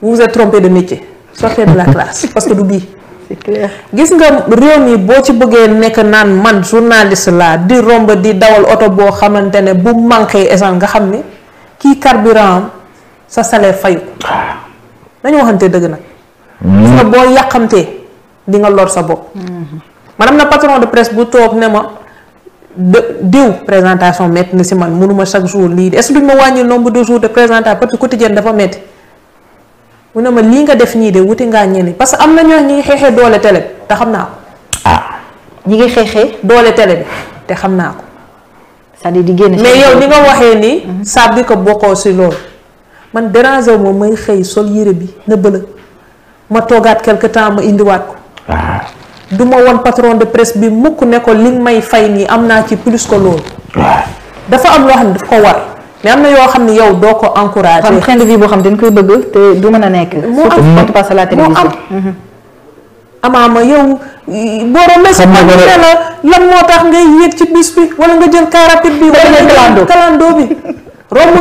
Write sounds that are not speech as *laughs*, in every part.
vous vous êtes de métier sortez de la classe parce que du bii gis nga réew mi boo ci bëggee nekk naan man journaliste laa di romb di dawal oto boo xamante ne bu manqué essence nga xam ne kii carburant am sa salaire fayu dañu ah. waxante dëgg nag gis mm. nga boo yàqamtee di nga lor sa bopp mm-hmm. maanaam na patron de presse bu toog ne ma diw présentation métti na si man mënuma chaque jour lii est-ce ma wàññi nombre de jours de présentation parce que quotidienne dafa métti mu ne ma lii nga def nii de wuti ngaa ñeneen parce que am na ñoo ñi ngi xeexee doole télé bi te xam naa ko. Ah. ñi ngi xeexee. doole télé te xam naa ko. cest à di génn mais yow ni nga waxee ni saab di ko bokkoo si loolu. man déranger moom may xëy sol yére bi na la ma toogaat quelque temps ma indiwaat ko. Ah. du ma woon patron de presse bi mukk ne ko li may fay nii am naa ci plus que loolu. Ah. dafa am loo xam ne ko war. mais am na yoo xam ne yow doo ko encouragé. train de vie boo xam dañ koy bëgg te du mën a nekk. surtout quand tu passes à la télévision. amaama yow. boo romee si man ne la lan moo bi wala nga jël car rapide bi. wala nga jël kalandoo bi romb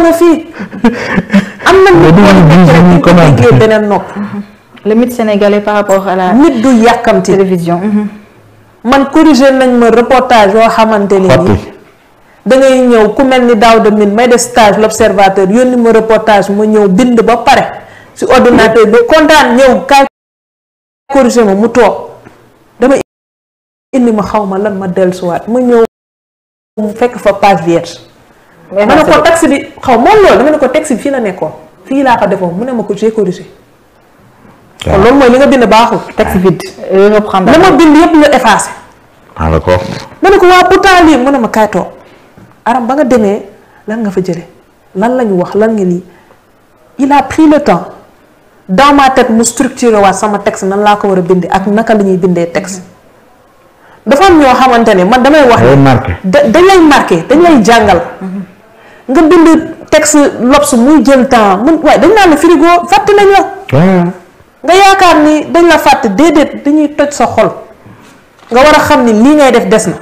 am na lu ñu ko déggee beneen mm-hmm. télévision. Mm-hmm. man corrigé nañ ma reportage yoo xamante ne nii. da ngay ñëw ku mel ni daaw de min may def stage l'observateur yónni ma reportage ma ñëw bind ba pare si ordinateur bi kontaan ñëw kaay corrigé ma mu toog dama indi ma xaw ma lan ma dellusiwaat ma ñëw mu fekk fa page vierge ne ko texte bi xaw moom loolu dama ne ko texte bi fii la nekkoon fii laa ko defoon mu ne ma ko j'ai corrigé kon loolu mooy li nga bind baaxul texte vide la ma bind yépp la effacé ah, ma ne ko waa pourtant lii mu ne ma kaay toog aram ba nga demee lan nga fa jële lan la ñu wax lan nga lii il a pris le temps dans ma tête mu structuré waat sama texte nan laa ko war a bindee ak naka la bindee texte dafa am ñoo xamante ne man damay wax ne dañ lay marqué dañ lay jàngal nga bind texte lobs muy jël temps mun waaye dañ naan la frigo fàtte nañ la ah. nga yaakaar ni dañ la fàtte déedéet dañuy toj sa xol nga war a xam ni lii ngay def des na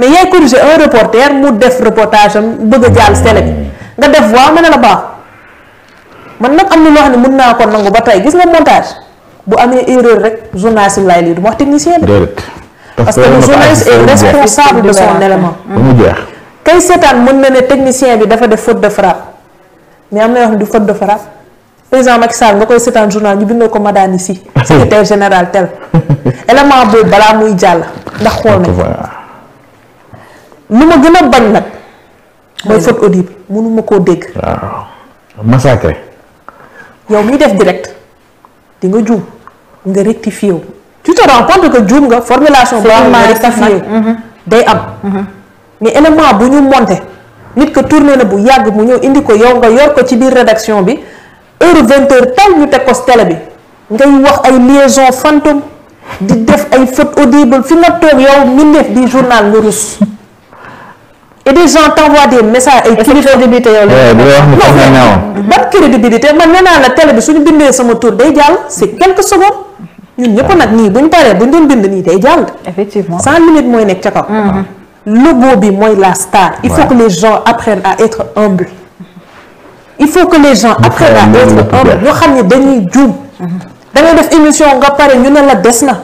mais yaay corrigé un reporter mu def reportage am bëgg jàll télé bi nga def waaw ma ne la baax man nag am na loo xam ne mën naa ko nangu ba tey gis nga montage bu amee erreur rek journaliste bi laay lii du ma wax technicien bi. que le journaliste est responsable de mën na ne technicien bi dafa def faute de frappe mais am na yoo xam ne du faute de frappe président Macky Sall nga koy seetaan journal ñu bindoo ko madame ici *laughs* secrétaire général tel *laughs* élément boobu balaa muy jàll ndax xool nañ lu ma gën a bañ nag mooy faute audible mënuma koo dégg waaw massacré yow def direct di nga juum nga rectifié wu tu te rends compte que juum nga formulation boo rectifié wu day am mm-hmm. Mm-hmm. mais élément bu ñu monté nit ko tourné na bu yàgg mu ñëw indi ko yow nga yor ko ci biir rédaction bi heure vingt tal ñu teg ko bi ngay wax ay liaison fantôme di def ay faute audible fi nga toog yow mi di journal nga rus et des gens t'envoient des messages ay crédibilité yow la non ban crédibilité man nee la télé bi suñu bindee sama tur day jàll c'est quelques secondes ñun ñëpp nag nii buñ paree buñ doon bind nii day jàll effectivement sans limite mooy nekk ca kaw mm-hmm. logo bi mooy la star il faut que les gens apprennent à être humbles il faut que le gens apprennent à être humbles ñoo xam ne dañuy juum mm-hmm. da def émission nga pare ñu ne la des na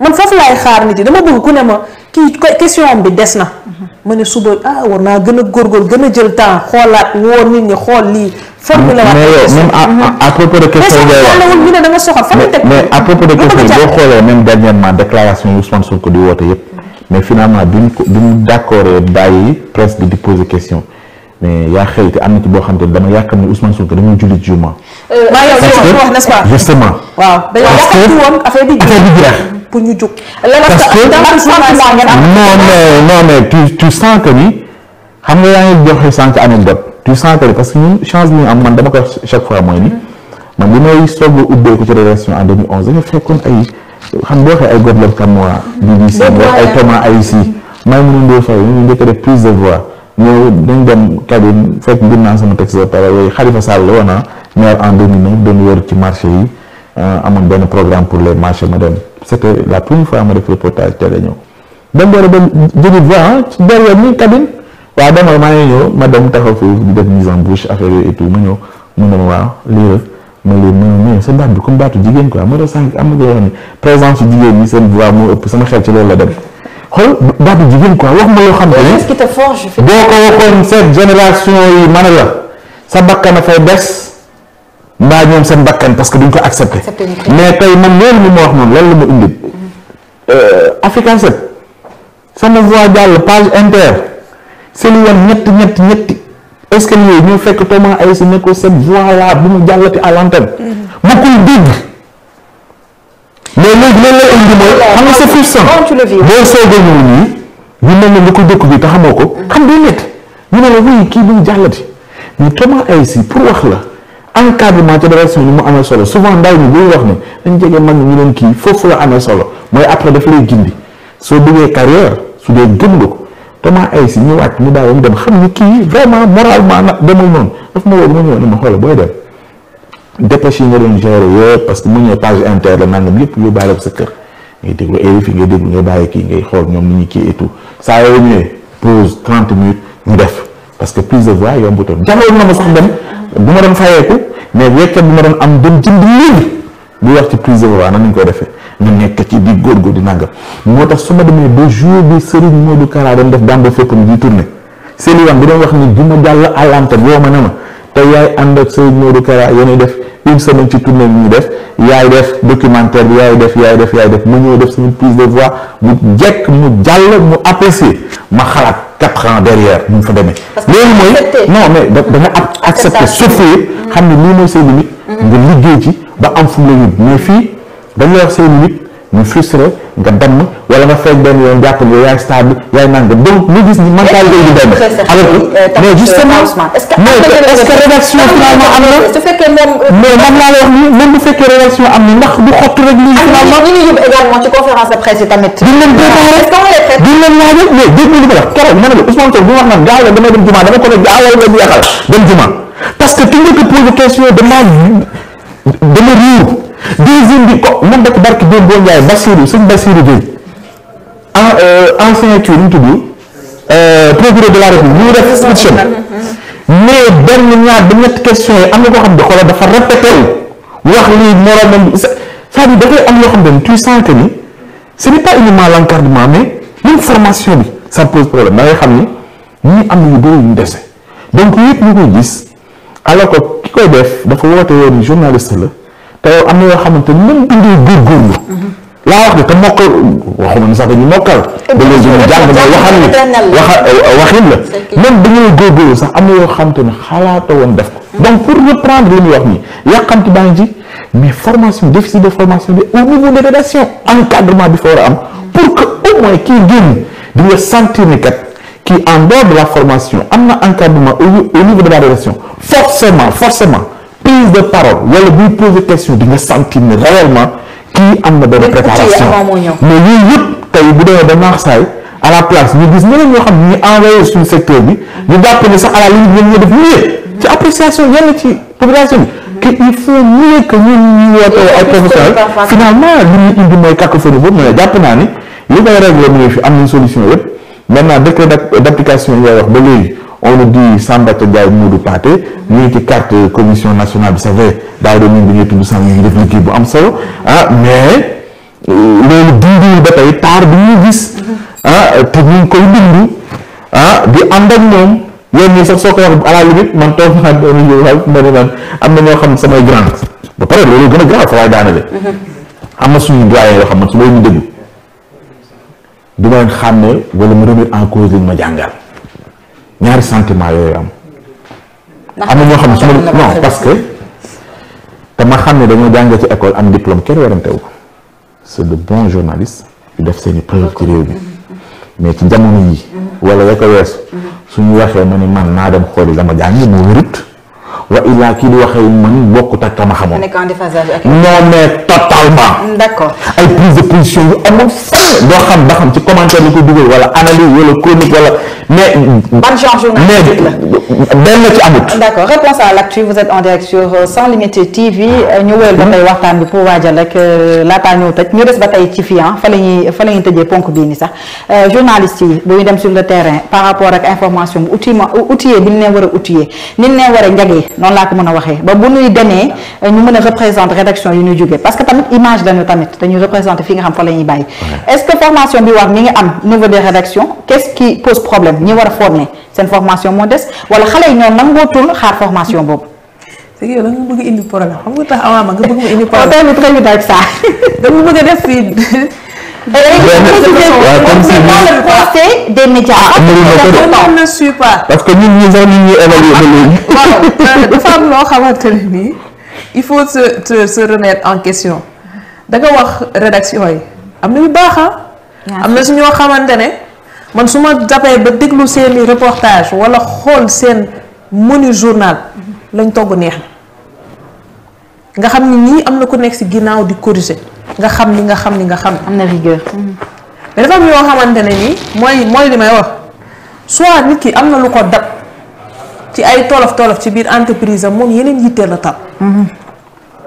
man foofu laay xaar nit yi dama bëgg ku ne ma kii question bi des na. Mhm. ma ne suba ah war naa gën a góorgóorlu gën a jël temps xoolaat woo nit ñi xool lii. formulé waat mhm. mais à propos de question da nga soxal boo xoolee même dernièrement déclaration yu Ousmane Sonko di woote yëpp. mais finalement bi ñu ko bi ñu d' accord bàyyi presse bi di poser question mais yaa xëy te am na ci boo xam te dama yaakaar ni Ousmane Sonko dañuy julli juma. Euh, maa yow wax n'est-ce pas justement waaw dañoo yàqati woon affaire bi jeex pour ñu jóg. parce que non mais non mais tu tu sens que ni xam nga yaa ngi joxe sànq anecdote tu sens que ni parce que ñun chance bi ñu am man dama ko chaque fois mooy ni man bi may soog a ubbeeku ci rédaction en 2011 dañu fekkoon ay xam boo xee ay Gottlob Kamuwa. BBC ay Thomas Aysi maa ngi a def prise ñoo dañ dem cabine fekk bind naa sama texte ba pare yooyu Khalifa ah, doon wër ci marché yi ah, amoon benn programme pour les marchés modernes. c'était la première fois ma def reportage télé ñëw dem doon ba jëli voix ah, ci derrière mi cabine di def mise en bouche affaire yooyu et tout ma ñëw mu ne ma lii rek ma lii ma ne sa baat bi comme baatu jigéen quoi ma doon sànq am na loo xam ne présence jigéen ñi seen voix moo xel ci loolu la dem. xool baatu jigéen quoi wax ma yoo xam ne. boo ko waxoon cette génération yi ma la sa bakkan a fay des. mbaa ñoom seen bakkan parce que duñ ko accepté mais tey man loolu li ma wax noonu lan la ma indi euh, Africa 7 sama voix jàll page inter seli ñett ñett ñetti ñetti est-ce que yooyu ñu fekk Thomas Aïssi ne ko cette voix là bu mu jàllati à l'antenne bu mm-hmm. koy dégg mais léegi loolu lay ne nga ko dëkk bi te xamoo ko mm-hmm. xam day métti ñu ne la wuyu kii bu mu jàllati mais Thomas Aïssi pour wax la encadrement ci direction bi mu amee solo souvent ndaw ñi buy wax ne dañ jege mag ñu leen kii foofu la amee solo mooy après daf lay gindi soo bëggee carrière su dee gëm nga ko Thomas ay si ñëwaat ñu daawam dem xam ni kii vraiment moralement na demul noonu daf ma woo ma ñëw ne ma xoolal booy dem dépêche yi nga doon gérer yëpp parce que mu ñëw page inter la nangam yëpp yu bàyyi la sa kër ngay déglu RFI ngay déglu ngay bàyyi kii ngay xool ñoom ni ñu kii et tout saa yoo ñu def parce que prise de voix yombutoon jaxewoon na bu ma doon fayeeku mais wekkat bu ma doon am dem jënd livre bu wax ci prise de voix nan koy defee ñu nekk ci di góorgóor di nàngam moo tax su ma demee ba jour bi Serigne Modou Kara doon def daan ba fépp di tourné Seliwan bi doon wax ni du ma jàll àllante boo ma ne ma te yaay ànd ak Seydou de Kara yéen def une semaine ci tournée bi def yaay def documentaire bi yaay def yaay def mu ñëw def suñu prise de voix mu jekk mu jàll mu apprécier ma xalaat quatre ans derrière mu fa demee. loolu mooy non mais da da nga accepté souffrir xam ne lii mooy say limite mm. nga liggéey ci ba am fu mu la yóbbu mais fii dañ wax say limite ñu frustré nga dem wala nga fekk benn yoon jàpp nga yaay stable yaay naan nga donc ñu gis ni mentalité bi dem mais justement est-ce que rédaction finalement am na euh, mais moom laa la wax ni même bu fekkee rédaction am na ndax du xott rek lii ah, finalement ñu yóbbu également ci conférence de presse yi tamit duñ leen préparé duñ leen laajal mais dégg nga li ma wax keroog ma ne la Ousmane Sow bu wax naan gaaw la damay dem jumaa dama ko ne gaaw la bu yàqal dem jumaa parce que ki nga ko posé question dama dama riir deuxième bi ko moom rek barki démb boo Ndiaye Bassirou sëñ Bassirou Gueye ah, en euh, ancien kii nu mu euh, de la République ñu def inspection mais benn ñaar ba ñetti question yi am na koo xam ne xoolal dafa répété wax lii moromam sa saa bi dafay am yoo xam ne tu sens que ni ce n'est pas uniquement am nañu bëri ñu dese donc yëpp ñu koy gis alors que ki koy def dafa woote woon journaliste la. te yow am na yoo xamante ni même bi ngay góorgóorlu. laa wax de te mokkal waxuma ne sax dañu mokkal. ba léegi ñu jàng mooy waxal ni waxa waxin la. Euh, euh, même bi ngay góorgóorlu sax am na yoo xamante ni xalaata woon def ko. Mm-hmm. donc pour reprendre li muy wax nii yàqamti baa ngi ci mais formation déficit de formation bi au niveau des rédactions encadrement bi fa war a am. pour que au moins kii génn di nga sentir ni kat kii en dehors de la formation am na encadrement au niveau de la rédaction forcément forcément. prise de parole wala buy poser question di nga sentir ne réellement kii am na benn préparation mais yooyu yëpp tey bu demee ba Marseille à la place ñu gis ñeneen ne ñu envoyé suñu secteur bi ñu jàpp ne sax à a limite ñoom ñoo def ci appréciation yenn ci population bi que il faut mieux que ñun ñu woote ay professionnel finalement li ñu indi mooy cacophonie jàpp naa ni li koy réglé mu fi am nañ solution yëpp maintenant décret d'application yi ngay wax ba léegi on nous dit Sambata Ndiaye Modou Paté commission nationale bi sa vrai daaw de ñun dañuy tudd sànq ñu def liggéey bu am solo ah mais euh, loolu dindiwul ba tey taar bi ñuy gis ah te koy dindi ah, di ànd ak ñoom yéen ñii sax soo am na ñoo xam samay grand ba pare loolu gën a grand sa waay daanale am na suñu doyen yoo xam man su ma leen déglu du ma leen xàmmee wala mu remettre en cause li ma jàngal. ñaari sentiment yooyu am. am na ñoo xam ne su ma non parce que ma xam ne dañoo jàngee ci école am diplôme kenn werante wu c'est de bons journalistes yu def seen i preuve ci réew mi mais ci jamono yi wala ya ko weesu suñu waxee ma ni man naa dem xooli dama jàngi moo wérut wa illaa kii di waxee man bokkut ak kama xamoon. nekk en déphasage ak non mais totalement. Mm, d' accord ay prise de position yu amul fenn doo xam ba xam ci commentaire li ko dugal wala analyse wala chronique wala mais. ban genre journalistique la mais benn la ci amut. d' accord réponse à l' actu vous êtes en direct sur euh, Sans Limite TV euh, ñu wéyal ba tey waxtaan bi pour waajal rek euh, laataa ñëw tëj ñu des ba tey ci fii ah, fa la ñuy fa la ñuy tëjee ponk bii nii sax journaliste yi bu ñu dem sur le terrain par rapport ak information bu outillé outillé bi ñu leen war a outillé ni ñu leen war a njagee. noonu laa ko mën a waxee ba bu ñuy demee euh, ñu mën a représenter rédaction yi ñu jógee parce que tamit image lañu tamit dañu représenter fi nga xam formation bi war mi ngi am niveau des rédactions qu'est-ce qui pose problème ñi war a former seen formation moo des wala xale yi ñoom nangootul xaar formation boobu c'est que yow bëgg indi problème xam nga tax awaama nga bëgg ma indi problème. très vite ak saa. dama bëgg a def fii *laughs* procès des médias. on ne suit pas. parce que ñun ñun sax ñun ñuy évaluer ba léegi. dafa am loo xamante ne nii il faut se se en question da nga wax rédaction yi am na yu baax am na su ñoo xamante ne man su ma jàppee ba déglu seeni reportage walla xool seen menu journal lañ togg neex na nga xam ni ñii am na ku nekk ci ginnaaw di corriger. nga xam li nga xam li nga xam. am na rigueur. mais yoo xamante ne nii mooy mooy li may wax soit nit ki am na lu ko dab ci ay tolof tolof ci biir entreprise am moom yeneen yitteel la tam.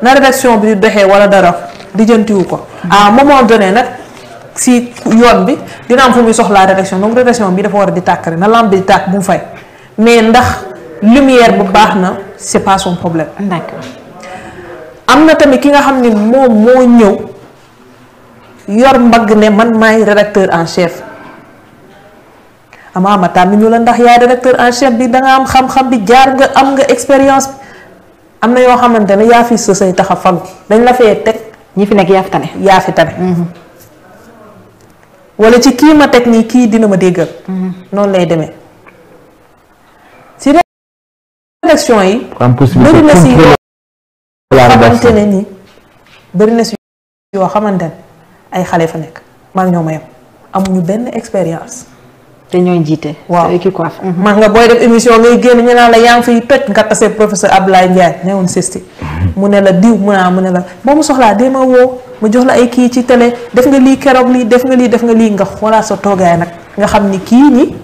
na rédaction bi di doxee wala dara lijjantiwu ko. à moment donné nag si yoon bi dina am fu muy soxlaa rédaction donc rédaction bi dafa war a di tàkk rek na lampe bi di tàkk bu mu fay mais ndax lumière bu baax na c'est pas son problème. am na tamit ki nga xam ni moom moo ñëw yor mbagg ne man maay rédacteur en chef ama ma tànn ñu la ndax yaay rédacteur en chef bi danga am xam-xam bi jaar nga am nga expérience am na yoo xamante ne yaa fi sësay taxa fal dañ la fee teg ñi fi nekk yaa fi tane yaa fi tane mhm. wala ci kii ma teg nii kii dina ma déggal mhm. noonu lay demee si rédaction yi bëri na xamante ne nii bëri na si yoo xamante ne ay xale fa nekk man ñoo ma amuñu benn expérience. te ñooy jiite. waaw maa mhm. nga booy def émission ngay génn ñu naan la yaa fi fiy toj nga tase professeur Abdoulaye Ndiaye newoon sisti mhm. mu ne la diw mu naa mu ne la boo mu soxlaa dee ma woo ma jox la ay kii ci télé def nga lii keroog lii def nga lii def nga lii nga xoolaat sa toogaay nag nga xam ni kii ñi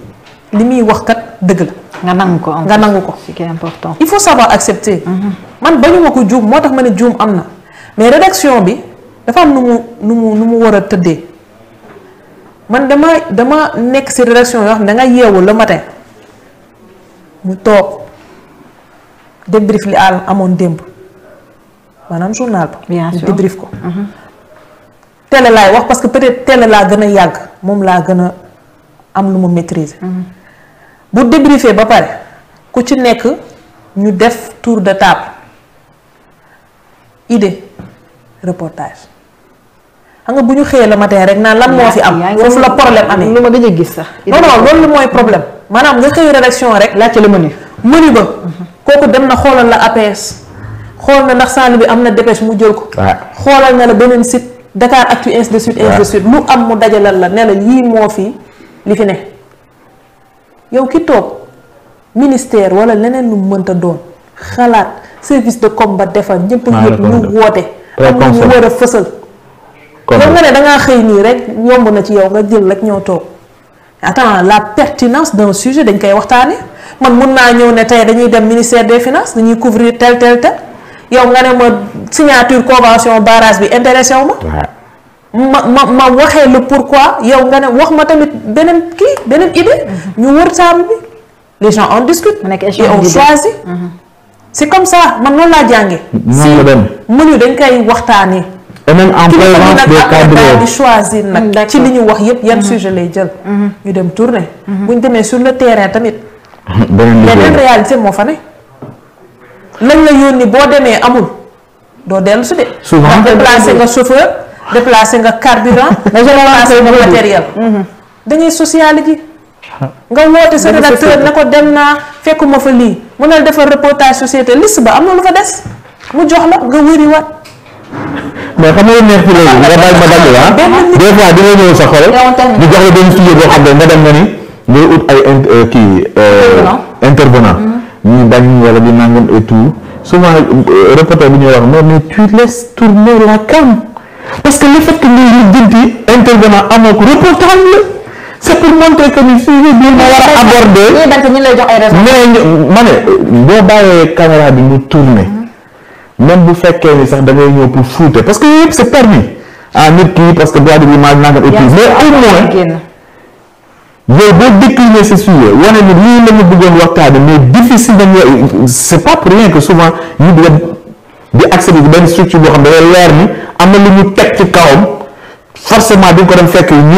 li muy wax kat dëgg la. nga nangu ko nga nangu ko c'est important il faut savoir accepter mm-hmm. man bañu ma ko juum moo tax ma ne jum am na mais rédaction bi dafa am nu mu nu mu nu mu war a tëddee man dama dama nekk si rédaction yoo xam ne da nga yeewu le matin ñu toog débrief li àll amoon démb maanaam journal ba ñu débrief ko mm-hmm. télé laay wax parce que peut-être télé laa gën a yàgg moom laa gën a am lu ma maîtriser mm-hmm. bu débriefé ba pare ku ci nekk ñu def tour de table idée reportage xam nga bu ñu xëyee le matin rek naan lan moo fi am. foofu la problème amee lu ma gëj a gis sax. non non mooy problème maanaam nga xëy rédaction rek. laajte le menu. menu ba. kooku dem na xoolal la APS. xool na ndax saali bi am na dépêche mu jël ko. xoolal na la beneen sit Dakar Actu ainsi de suite ainsi de lu am mu dajalal la ne la yii moo fi li fi ne. yow ki toog ministère wala leneen lu mënta doon xalaat service de combat defal ñëpp yëpp woote am na ñu war a fësal yow nga ne dangaa xëy nii rek yomb na ci yow nga jël rek ñoo toog attends la pertinance d'un sujet dañ koy waxtaanee man mun naa ñëw ne tey dañuy dem ministère des finances dañuy couvrir tel tel tel yow nga ne ma signature convention barrage bi intéression ma ma ma ma waxee la pourquoi yow nga ne wax ma tamit beneen kii beneen ñu wër table bi les gens en discutent. mu nekk échange et on choisit. Mhm. c' est comme ça man noonu laa jàngee. noonu la dañ koy waxtaanee. et même en présence des cadres di choisir nag. ci li ñu wax yépp yan mhm. sujet lay jël. Mhm. ñu dem tourner. bu ñu demee sur le terrain tamit. *laughs* beneen réalité moo fa ne. lañ la yónni boo demee amul doo dellu su de. souvent remplacé nga chauffeur. déplacé nga carburant. *laughs* déplacé nga matériel. Mhm. dañuy social ji. nga woote sa rédacteur na ko dem naa fekkuma fa lii mu ne defal reportage société liste ba am na lu fa des mu jox la nga wëriwaat. mais xam nga neex ci loolu nga baal ma dagg dem nga ni ngay ut ay euh, intervenant euh, mhm. ñi bañ wala di nangam et tout souvent euh, reporter bi ñuy wax non mais tu laisses tourner la cam parce que le fait que ngay lijjanti intervenant amoo ko reportage la c' que ni sujet bi ma war a aborder mais ma ne caméra bi mu tourner même bu fekkee ni sax da ngay ñëw pour fuute parce que yooyu yëpp c' est permis ah nit parce que droit de l'image nangam et puis mais au moins yow boo décliné ce sujet wane ni lii la ñu bëggoon waxtaane mais difficile dañu c' est pas pour rien que souvent ñu di di accéder benn structure boo xam ne ni am na lu ñu teg ci kawam forcément di nga ko dem fekk